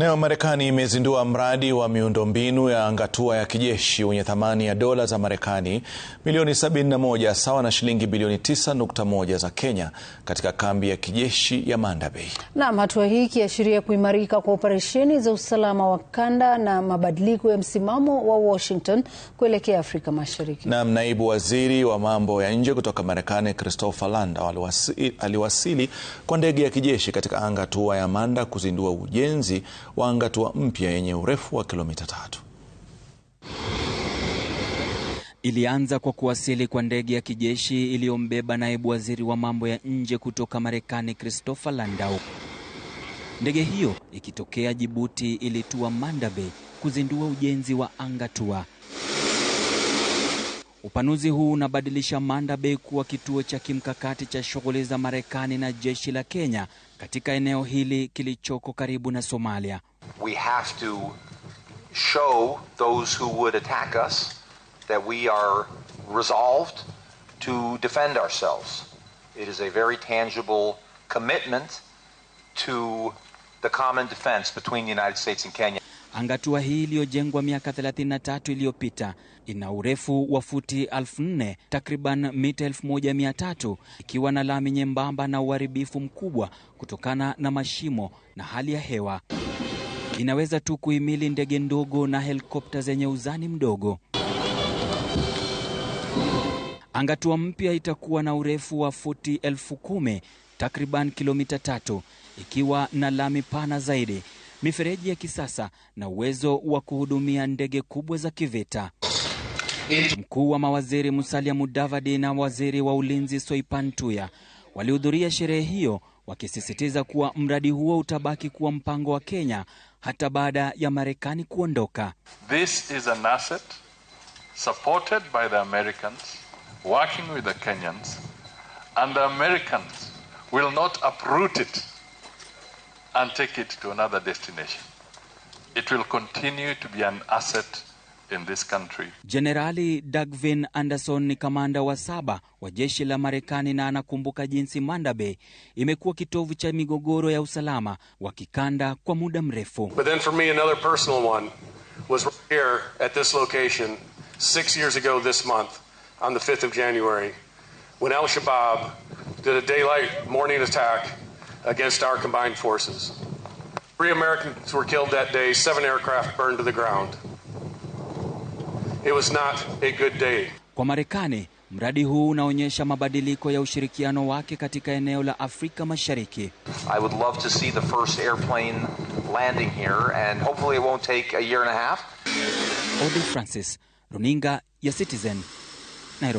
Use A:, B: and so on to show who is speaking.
A: Nayo Marekani imezindua mradi wa miundombinu ya angatua ya kijeshi wenye thamani ya dola za Marekani milioni 71 sawa na shilingi bilioni 9.1 za Kenya katika kambi ya kijeshi ya Manda Bay.
B: Naam, hatua hii ikiashiria kuimarika kwa operesheni za usalama wa kanda na mabadiliko ya msimamo wa Washington kuelekea Afrika Mashariki.
A: Naam, naibu waziri wa mambo ya nje kutoka Marekani Christopher Landa aliwasili, aliwasili kwa ndege ya kijeshi katika angatua ya Manda kuzindua ujenzi wa Angatua mpya yenye urefu wa kilomita tatu. Ilianza kwa kuwasili kwa ndege ya kijeshi iliyombeba naibu waziri wa mambo ya nje kutoka Marekani Christopher Landau. Ndege hiyo ikitokea Jibuti ilitua Manda Bay kuzindua ujenzi wa Angatua. Upanuzi huu unabadilisha Manda Bay kuwa kituo cha kimkakati cha shughuli za Marekani na jeshi la Kenya katika eneo hili kilichoko karibu na Somalia.
C: We have to show those who would attack us that we are resolved to defend ourselves. It is a very tangible commitment to the common defense between the United States and Kenya.
A: Angatua hii iliyojengwa miaka 33 iliyopita ina urefu wa futi 4000 takriban mita 1300 ikiwa na lami nyembamba na uharibifu mkubwa kutokana na mashimo na hali ya hewa. Inaweza tu kuhimili ndege ndogo na helikopta zenye uzani mdogo. Angatua mpya itakuwa na urefu wa futi elfu takriban kilomita tatu ikiwa na lami pana zaidi mifereji ya kisasa na uwezo wa kuhudumia ndege kubwa za kivita. Mkuu wa mawaziri Musalia Mudavadi na waziri wa ulinzi Soipan Tuya walihudhuria sherehe hiyo wakisisitiza kuwa mradi huo utabaki kuwa mpango wa Kenya hata baada ya Marekani kuondoka.
D: This is an asset supported by the Americans working with the Kenyans and the Americans will not uproot it and take it to another destination. It will continue to be an asset in this country.
A: Jenerali Dagvin Anderson ni kamanda wa saba wa jeshi la Marekani na anakumbuka jinsi Manda Bay imekuwa kitovu cha migogoro ya usalama wa kikanda kwa muda mrefu.
E: But then for me another personal one was right here at this location six years ago this month on the 5th of January when Al-Shabaab did a daylight morning attack against our combined forces. Three Americans were killed that day, seven aircraft burned to the ground. It was not a good day.
A: Kwa Marekani, mradi huu unaonyesha mabadiliko ya ushirikiano wake katika eneo la Afrika Mashariki.
F: I would love to see the first airplane landing here and hopefully it won't take a year and a half.
A: Odi Francis, Runinga ya Citizen, Nairobi.